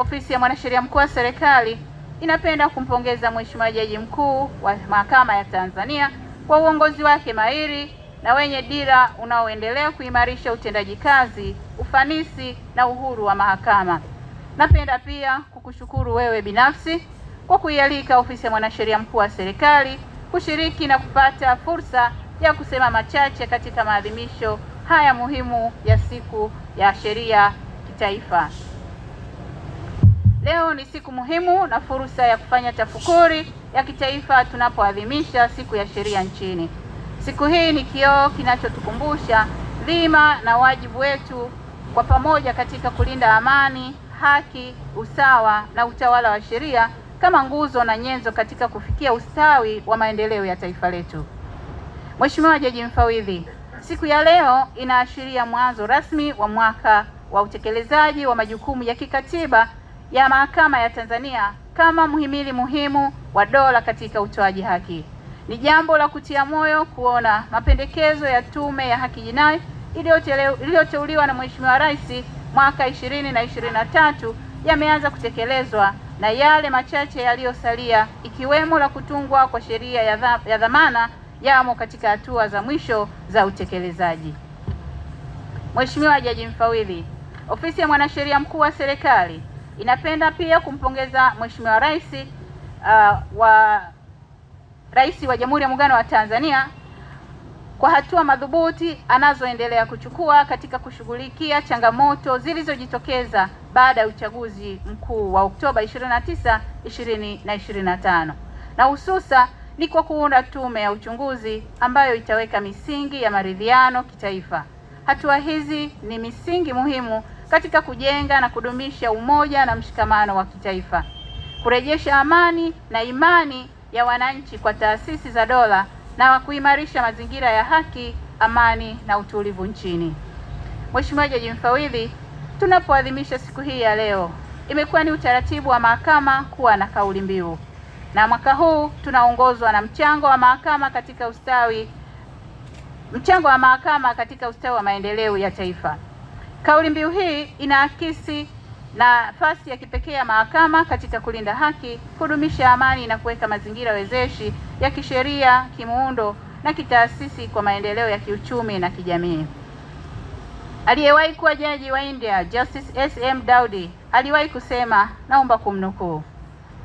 Ofisi ya Mwanasheria Mkuu wa Serikali inapenda kumpongeza Mheshimiwa Jaji Mkuu wa Mahakama ya Tanzania kwa uongozi wake mahiri na wenye dira unaoendelea kuimarisha utendaji kazi, ufanisi na uhuru wa mahakama. Napenda pia kukushukuru wewe binafsi kwa kuialika Ofisi ya Mwanasheria Mkuu wa Serikali kushiriki na kupata fursa ya kusema machache katika maadhimisho haya muhimu ya Siku ya Sheria Kitaifa. Leo ni siku muhimu na fursa ya kufanya tafukuri ya kitaifa tunapoadhimisha siku ya sheria nchini. Siku hii ni kioo kinachotukumbusha dhima na wajibu wetu kwa pamoja katika kulinda amani, haki, usawa na utawala wa sheria kama nguzo na nyenzo katika kufikia ustawi wa maendeleo ya taifa letu. Mheshimiwa Jaji Mfawidhi, siku ya leo inaashiria mwanzo rasmi wa mwaka wa utekelezaji wa majukumu ya kikatiba ya Mahakama ya Tanzania kama mhimili muhimu wa dola katika utoaji haki. Ni jambo la kutia moyo kuona mapendekezo ya Tume ya Haki Jinai iliyoteuliwa na Mheshimiwa Rais mwaka ishirini na ishirini na tatu yameanza kutekelezwa na yale machache yaliyosalia ikiwemo la kutungwa kwa sheria ya dhamana yamo katika hatua za mwisho za utekelezaji. Mheshimiwa Jaji Mfawidhi, Ofisi ya Mwanasheria Mkuu wa Serikali Inapenda pia kumpongeza Mheshimiwa Rais uh, wa Rais wa Jamhuri ya Muungano wa Tanzania kwa hatua madhubuti anazoendelea kuchukua katika kushughulikia changamoto zilizojitokeza baada ya uchaguzi mkuu wa Oktoba 29, 2025 na hususa ni kwa kuunda tume ya uchunguzi ambayo itaweka misingi ya maridhiano kitaifa. Hatua hizi ni misingi muhimu katika kujenga na kudumisha umoja na mshikamano wa kitaifa, kurejesha amani na imani ya wananchi kwa taasisi za dola na kuimarisha mazingira ya haki, amani na utulivu nchini. Mheshimiwa Jaji Mfawidhi, tunapoadhimisha siku hii ya leo, imekuwa ni utaratibu wa mahakama kuwa na kauli mbiu, na mwaka huu tunaongozwa na mchango wa mahakama katika ustawi, mchango wa mahakama katika ustawi wa maendeleo ya taifa. Kauli mbiu hii inaakisi nafasi ya kipekee ya mahakama katika kulinda haki, kudumisha amani na kuweka mazingira wezeshi ya kisheria, kimuundo na kitaasisi kwa maendeleo ya kiuchumi na kijamii. Aliyewahi kuwa jaji wa India Justice S.M. Daudi aliwahi kusema, naomba kumnukuu,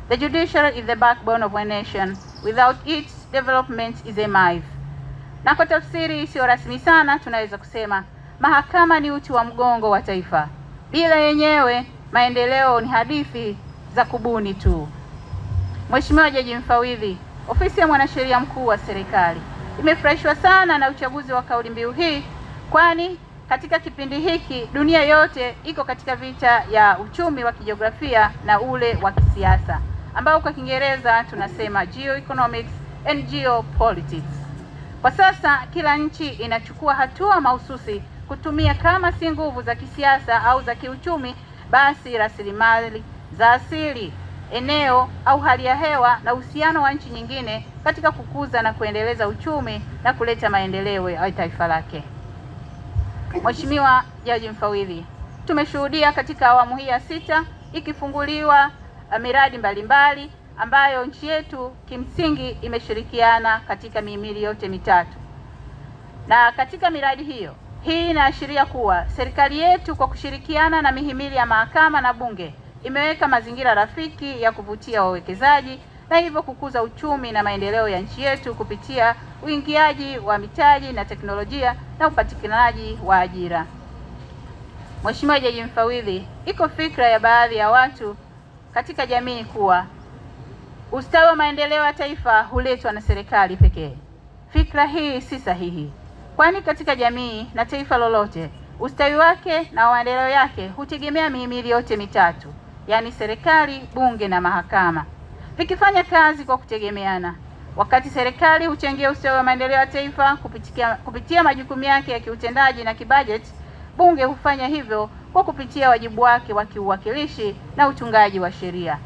The judiciary is the backbone of a nation. Without its development is a myth. Na kwa tafsiri isiyo rasmi sana tunaweza kusema mahakama ni uti wa mgongo wa taifa. Bila yenyewe maendeleo ni hadithi za kubuni tu. Mheshimiwa Jaji Mfawidhi, Ofisi ya Mwanasheria Mkuu wa Serikali imefurahishwa sana na uchaguzi wa kauli mbiu hii, kwani katika kipindi hiki dunia yote iko katika vita ya uchumi wa kijiografia na ule wa kisiasa ambao kwa Kiingereza tunasema geoeconomics and geopolitics. Kwa sasa kila nchi inachukua hatua mahususi kutumia kama si nguvu za kisiasa au za kiuchumi, basi rasilimali za asili, eneo au hali ya hewa na uhusiano wa nchi nyingine katika kukuza na kuendeleza uchumi na kuleta maendeleo ya taifa lake. Mheshimiwa Jaji Mfawidhi, tumeshuhudia katika awamu hii ya sita ikifunguliwa uh, miradi mbalimbali mbali, ambayo nchi yetu kimsingi imeshirikiana katika mihimili yote mitatu na katika miradi hiyo hii inaashiria kuwa serikali yetu kwa kushirikiana na mihimili ya mahakama na bunge imeweka mazingira rafiki ya kuvutia wawekezaji na hivyo kukuza uchumi na maendeleo ya nchi yetu kupitia uingiaji wa mitaji na teknolojia na upatikanaji wa ajira. Mheshimiwa Jaji Mfawidhi, iko fikra ya baadhi ya watu katika jamii kuwa ustawi wa maendeleo ya taifa huletwa na serikali pekee. Fikra hii si sahihi kwani katika jamii na taifa lolote ustawi wake na maendeleo yake hutegemea mihimili yote mitatu, yaani serikali, bunge na mahakama, vikifanya kazi kwa kutegemeana. Wakati serikali huchangia ustawi wa maendeleo ya taifa kupitia, kupitia majukumu yake ya kiutendaji na kibajeti, bunge hufanya hivyo kwa kupitia wajibu wake wa kiuwakilishi na utungaji wa sheria.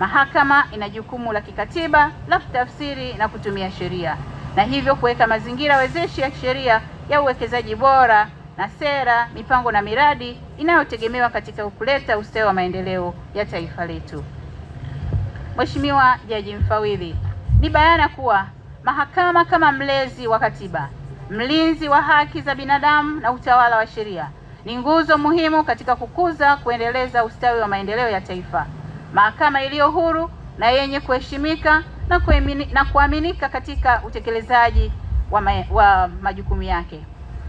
Mahakama ina jukumu la kikatiba la kutafsiri na kutumia sheria na hivyo kuweka mazingira wezeshi ya kisheria ya uwekezaji bora na sera, mipango na miradi inayotegemewa katika kuleta ustawi wa maendeleo ya taifa letu. Mheshimiwa Jaji Mfawidhi, ni bayana kuwa mahakama kama mlezi wa katiba, mlinzi wa haki za binadamu na utawala wa sheria ni nguzo muhimu katika kukuza, kuendeleza ustawi wa maendeleo ya taifa. Mahakama iliyo huru na yenye kuheshimika na, kuamini, na kuaminika katika utekelezaji wa, ma, wa majukumu yake,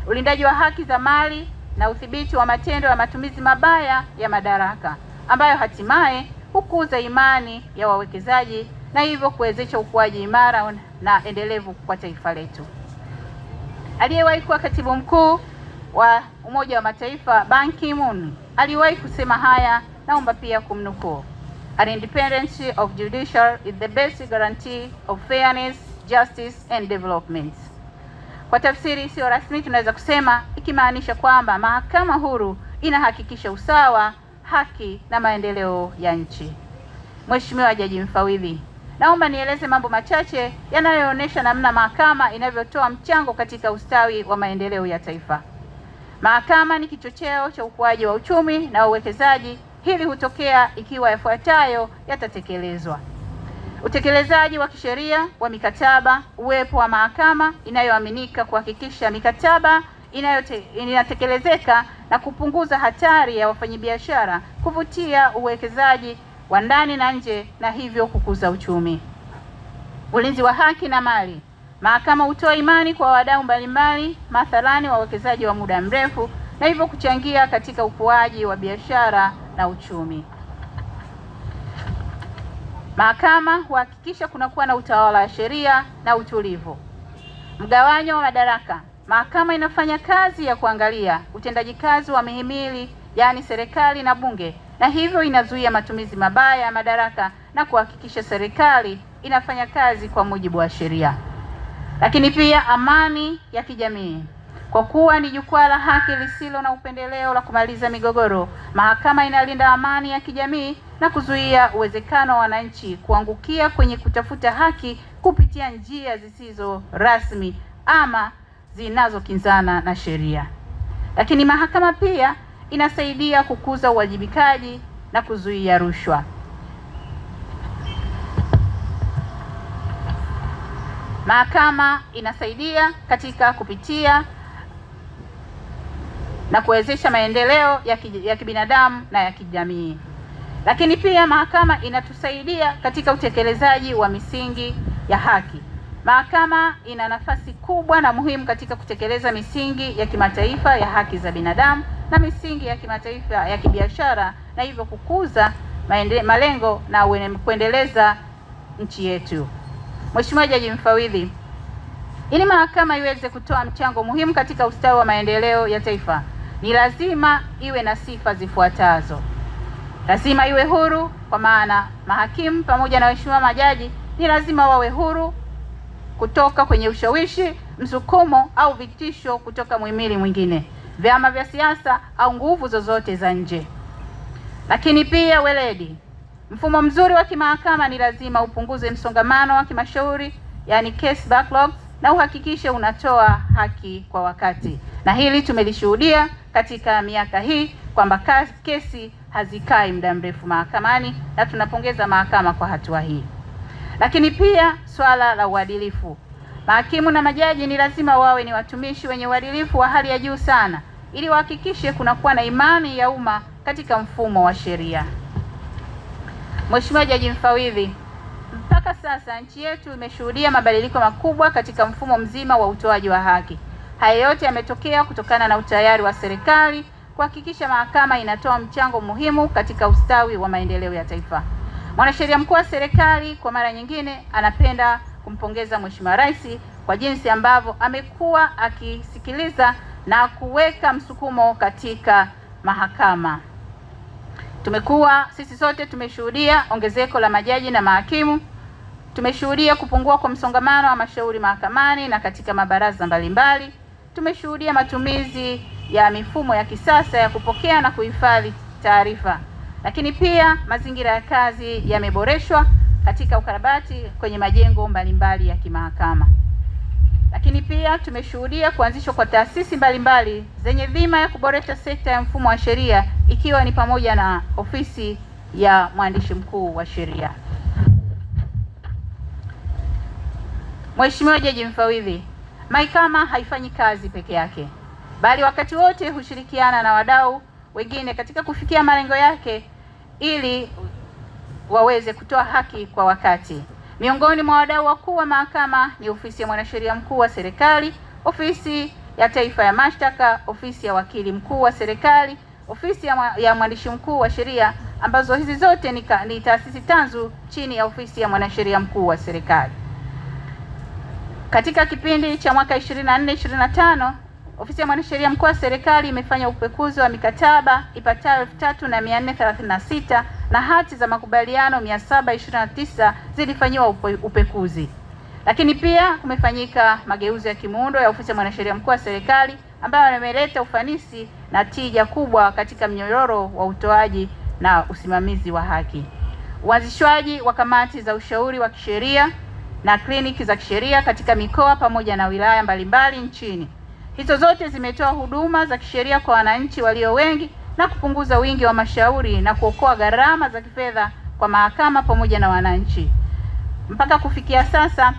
ulindaji wa haki za mali na udhibiti wa matendo ya matumizi mabaya ya madaraka ambayo hatimaye hukuza imani ya wawekezaji na hivyo kuwezesha ukuaji imara na endelevu kwa taifa letu. Aliyewahi kuwa katibu mkuu wa Umoja wa Mataifa Ban Ki-moon aliwahi kusema haya, naomba pia kumnukuu and independence of judicial is the basic guarantee of fairness, justice and development. Kwa tafsiri sio rasmi tunaweza kusema ikimaanisha kwamba mahakama huru inahakikisha usawa, haki na maendeleo ya nchi. Mheshimiwa Jaji Mfawidhi, naomba nieleze mambo machache yanayoonyesha namna mahakama inavyotoa mchango katika ustawi wa maendeleo ya taifa. Mahakama ni kichocheo cha ukuaji wa uchumi na uwekezaji Hili hutokea ikiwa yafuatayo yatatekelezwa: utekelezaji wa kisheria wa mikataba, uwepo wa mahakama inayoaminika kuhakikisha mikataba inatekelezeka na kupunguza hatari ya wafanyabiashara kuvutia uwekezaji wa ndani na nje na hivyo kukuza uchumi. Ulinzi wa haki na mali. Mahakama hutoa imani kwa wadau mbalimbali, mathalani wawekezaji wa muda mrefu, na hivyo kuchangia katika ukuaji wa biashara na uchumi. Mahakama huhakikisha kunakuwa na utawala wa sheria na utulivu. Mgawanyo wa madaraka. Mahakama inafanya kazi ya kuangalia utendaji kazi wa mihimili, yaani serikali na bunge, na hivyo inazuia matumizi mabaya ya madaraka na kuhakikisha serikali inafanya kazi kwa mujibu wa sheria. Lakini pia amani ya kijamii. Kwa kuwa ni jukwaa la haki lisilo na upendeleo la kumaliza migogoro, mahakama inalinda amani ya kijamii na kuzuia uwezekano wa wananchi kuangukia kwenye kutafuta haki kupitia njia zisizo rasmi ama zinazokinzana na sheria. Lakini mahakama pia inasaidia kukuza uwajibikaji na kuzuia rushwa. Mahakama inasaidia katika kupitia na kuwezesha maendeleo ya kibinadamu na ya kijamii. Lakini pia mahakama inatusaidia katika utekelezaji wa misingi ya haki. Mahakama ina nafasi kubwa na muhimu katika kutekeleza misingi ya kimataifa ya haki za binadamu na misingi ya kimataifa ya kibiashara na hivyo kukuza maende, malengo na kuendeleza nchi yetu. Mheshimiwa Jaji Mfawidhi, ili mahakama iweze kutoa mchango muhimu katika ustawi wa maendeleo ya taifa ni lazima iwe na sifa zifuatazo: lazima iwe huru, kwa maana mahakimu pamoja na waheshimiwa majaji ni lazima wawe huru kutoka kwenye ushawishi, msukumo au vitisho kutoka muhimili mwingine, vyama vya siasa au nguvu zozote za nje. Lakini pia weledi, mfumo mzuri wa kimahakama ni lazima upunguze msongamano wa kimashauri, yani case backlog, na uhakikishe unatoa haki kwa wakati, na hili tumelishuhudia katika miaka hii kwamba kesi hazikai muda mrefu mahakamani na tunapongeza mahakama kwa hatua hii. Lakini pia swala la uadilifu, mahakimu na majaji ni lazima wawe ni watumishi wenye uadilifu wa hali ya juu sana, ili wahakikishe kunakuwa na imani ya umma katika mfumo wa sheria. Mheshimiwa Jaji Mfawidhi, mpaka sasa nchi yetu imeshuhudia mabadiliko makubwa katika mfumo mzima wa utoaji wa haki. Haya yote yametokea kutokana na utayari wa serikali kuhakikisha mahakama inatoa mchango muhimu katika ustawi wa maendeleo ya taifa. Mwanasheria mkuu wa serikali kwa mara nyingine anapenda kumpongeza Mheshimiwa Rais kwa jinsi ambavyo amekuwa akisikiliza na kuweka msukumo katika mahakama. Tumekuwa sisi sote tumeshuhudia ongezeko la majaji na mahakimu. Tumeshuhudia kupungua kwa msongamano wa mashauri mahakamani na katika mabaraza mbalimbali tumeshuhudia matumizi ya mifumo ya kisasa ya kupokea na kuhifadhi taarifa, lakini pia mazingira ya kazi yameboreshwa katika ukarabati kwenye majengo mbalimbali ya kimahakama. Lakini pia tumeshuhudia kuanzishwa kwa taasisi mbalimbali zenye dhima ya kuboresha sekta ya mfumo wa sheria ikiwa ni pamoja na ofisi ya mwandishi mkuu wa sheria. Mheshimiwa Jaji Mfawidhi, MAIKAMA haifanyi kazi peke yake, bali wakati wote hushirikiana na wadau wengine katika kufikia malengo yake ili waweze kutoa haki kwa wakati. Miongoni mwa wadau wakuu wa mahakama ni ofisi ya mwanasheria mkuu wa serikali, ofisi ya taifa ya mashtaka, ofisi ya wakili mkuu wa serikali, ofisi ya mwandishi mkuu wa sheria, ambazo hizi zote ni, ni taasisi tanzu chini ya ofisi ya mwanasheria mkuu wa serikali. Katika kipindi cha mwaka 24 25 ofisi ya mwanasheria mkuu wa serikali imefanya upekuzi wa mikataba ipatayo 3436 na hati za makubaliano 729 zilifanyiwa upekuzi. Lakini pia kumefanyika mageuzi ya kimuundo ya ofisi ya mwanasheria mkuu wa serikali ambayo yameleta ufanisi na tija kubwa katika mnyororo wa utoaji na usimamizi wa haki. Uanzishwaji wa kamati za ushauri wa kisheria na kliniki za kisheria katika mikoa pamoja na wilaya mbalimbali nchini. Hizo zote zimetoa huduma za kisheria kwa wananchi walio wengi na kupunguza wingi wa mashauri na kuokoa gharama za kifedha kwa mahakama pamoja na wananchi. Mpaka kufikia sasa,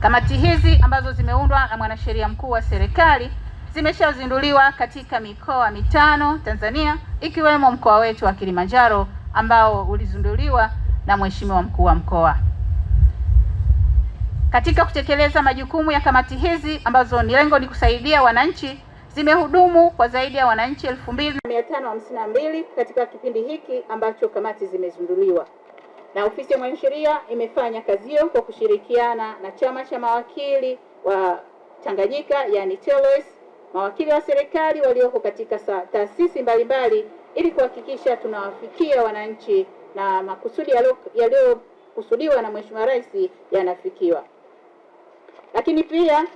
kamati hizi ambazo zimeundwa na mwanasheria mkuu wa serikali zimeshazinduliwa katika mikoa mitano Tanzania, ikiwemo mkoa wetu wa Kilimanjaro ambao ulizinduliwa na Mheshimiwa mkuu wa mkoa. Katika kutekeleza majukumu ya kamati hizi ambazo ni lengo ni kusaidia wananchi, zimehudumu kwa zaidi ya wananchi elfu mbili mia tano hamsini na mbili katika kipindi hiki ambacho kamati zimezinduliwa, na ofisi ya mwanasheria imefanya kazi hiyo kwa kushirikiana na chama cha mawakili wa Tanganyika, yani TLS, mawakili wa serikali walioko katika taasisi mbalimbali, ili kuhakikisha tunawafikia wananchi na makusudi yaliyokusudiwa na Mheshimiwa Rais yanafikiwa. Lakini pia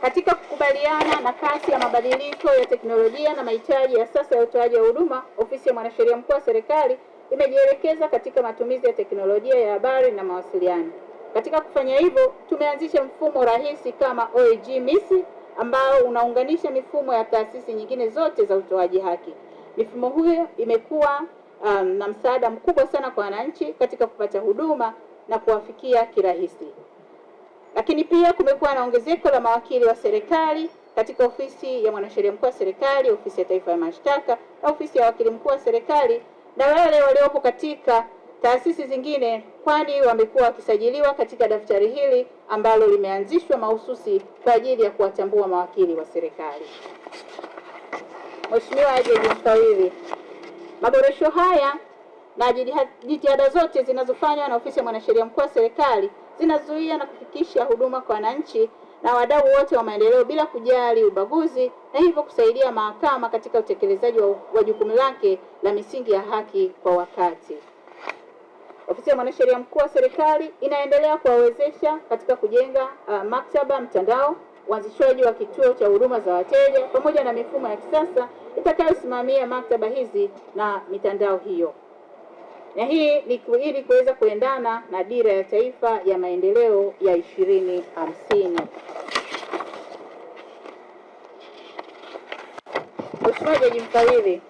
katika kukubaliana na kasi ya mabadiliko ya teknolojia na mahitaji ya sasa ya utoaji wa huduma, ofisi ya mwanasheria mkuu wa serikali imejielekeza katika matumizi ya teknolojia ya habari na mawasiliano. Katika kufanya hivyo, tumeanzisha mfumo rahisi kama OAG MIS ambao unaunganisha mifumo ya taasisi nyingine zote za utoaji haki. Mifumo hiyo imekuwa um, na msaada mkubwa sana kwa wananchi katika kupata huduma na kuwafikia kirahisi. Lakini pia kumekuwa na ongezeko la mawakili wa serikali katika ofisi ya mwanasheria mkuu wa serikali, ofisi ya taifa ya mashtaka na ofisi ya wakili mkuu wa serikali na wale waliopo katika taasisi zingine, kwani wamekuwa wakisajiliwa katika daftari hili ambalo limeanzishwa mahususi kwa ajili ya kuwatambua mawakili wa serikali. Mheshimiwa Jaji Msawili, maboresho haya na jitihada zote zinazofanywa na ofisi ya mwanasheria mkuu wa serikali zinazuia na kufikisha huduma kwa wananchi na wadau wote wa maendeleo bila kujali ubaguzi na hivyo kusaidia mahakama katika utekelezaji wa jukumu lake la misingi ya haki kwa wakati. Ofisi ya Mwanasheria Mkuu wa Serikali inaendelea kuwawezesha katika kujenga uh, maktaba mtandao, uanzishwaji wa kituo cha huduma za wateja pamoja na mifumo ya kisasa itakayosimamia maktaba hizi na mitandao hiyo na hii ni ili kuweza kuendana na dira ya taifa ya maendeleo ya 2050. Mheshimiwa Jaji Mkariri,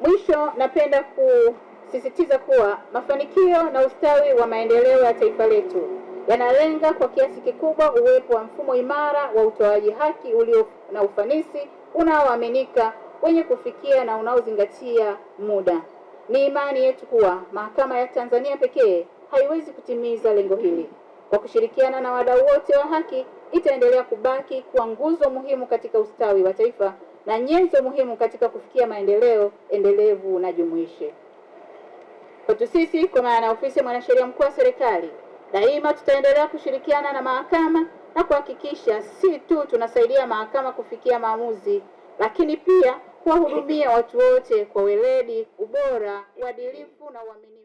mwisho napenda kusisitiza kuwa mafanikio na ustawi wa maendeleo ya taifa letu yanalenga kwa kiasi kikubwa uwepo wa mfumo imara wa utoaji haki ulio na ufanisi unaoaminika wenye kufikia na unaozingatia muda. Ni imani yetu kuwa mahakama ya Tanzania pekee haiwezi kutimiza lengo hili. Kwa kushirikiana na wadau wote wa haki, itaendelea kubaki kuwa nguzo muhimu katika ustawi wa taifa na nyenzo muhimu katika kufikia maendeleo endelevu na jumuishi. Kwetu sisi, kwa maana ya ofisi ya mwanasheria mkuu wa serikali, daima tutaendelea kushirikiana na mahakama na kuhakikisha si tu tunasaidia mahakama kufikia maamuzi, lakini pia kuwahudumia watu wote kwa weledi, ubora, uadilifu na uaminifu.